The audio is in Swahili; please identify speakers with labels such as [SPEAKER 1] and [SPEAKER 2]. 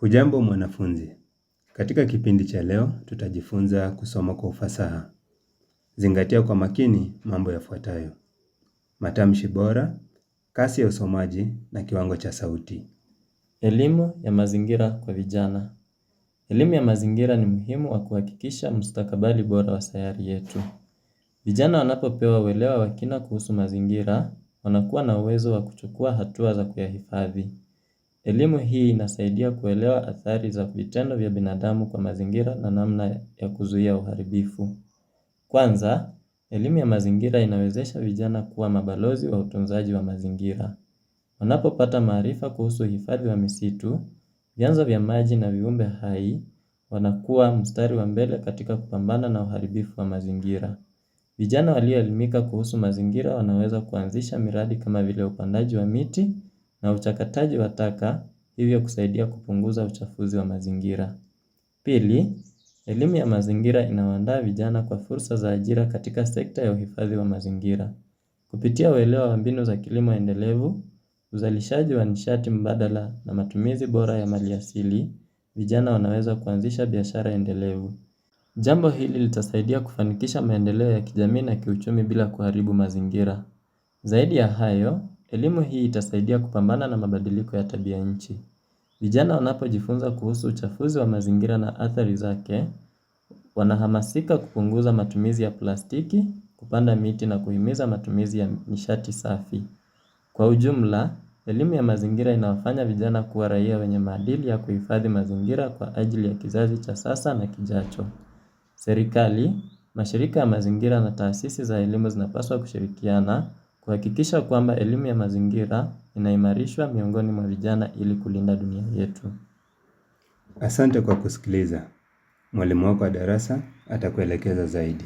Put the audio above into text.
[SPEAKER 1] Hujambo mwanafunzi, katika kipindi cha leo tutajifunza kusoma kwa ufasaha. Zingatia kwa makini mambo yafuatayo: matamshi bora, kasi ya usomaji na kiwango cha sauti.
[SPEAKER 2] Elimu ya mazingira kwa vijana. Elimu ya mazingira ni muhimu wa kuhakikisha mustakabali bora wa sayari yetu. Vijana wanapopewa uelewa wa kina kuhusu mazingira, wanakuwa na uwezo wa kuchukua hatua za kuyahifadhi. Elimu hii inasaidia kuelewa athari za vitendo vya binadamu kwa mazingira na namna ya kuzuia uharibifu. Kwanza, elimu ya mazingira inawezesha vijana kuwa mabalozi wa utunzaji wa mazingira. Wanapopata maarifa kuhusu hifadhi wa misitu, vyanzo vya maji na viumbe hai, wanakuwa mstari wa mbele katika kupambana na uharibifu wa mazingira. Vijana walioelimika kuhusu mazingira wanaweza kuanzisha miradi kama vile upandaji wa miti na uchakataji wa taka, hivyo kusaidia kupunguza uchafuzi wa mazingira. Pili, elimu ya mazingira inawaandaa vijana kwa fursa za ajira katika sekta ya uhifadhi wa mazingira. Kupitia uelewa wa mbinu za kilimo endelevu, uzalishaji wa nishati mbadala na matumizi bora ya maliasili, vijana wanaweza kuanzisha biashara endelevu. Jambo hili litasaidia kufanikisha maendeleo ya kijamii na kiuchumi bila kuharibu mazingira. Zaidi ya hayo, Elimu hii itasaidia kupambana na mabadiliko ya tabia nchi. Vijana wanapojifunza kuhusu uchafuzi wa mazingira na athari zake, wanahamasika kupunguza matumizi ya plastiki, kupanda miti na kuhimiza matumizi ya nishati safi. Kwa ujumla, elimu ya mazingira inawafanya vijana kuwa raia wenye maadili ya kuhifadhi mazingira kwa ajili ya kizazi cha sasa na kijacho. Serikali, mashirika ya mazingira na taasisi za elimu zinapaswa kushirikiana Kuhakikisha kwamba elimu ya mazingira inaimarishwa miongoni mwa vijana ili kulinda dunia yetu.
[SPEAKER 1] Asante kwa kusikiliza. Mwalimu wako wa darasa atakuelekeza zaidi.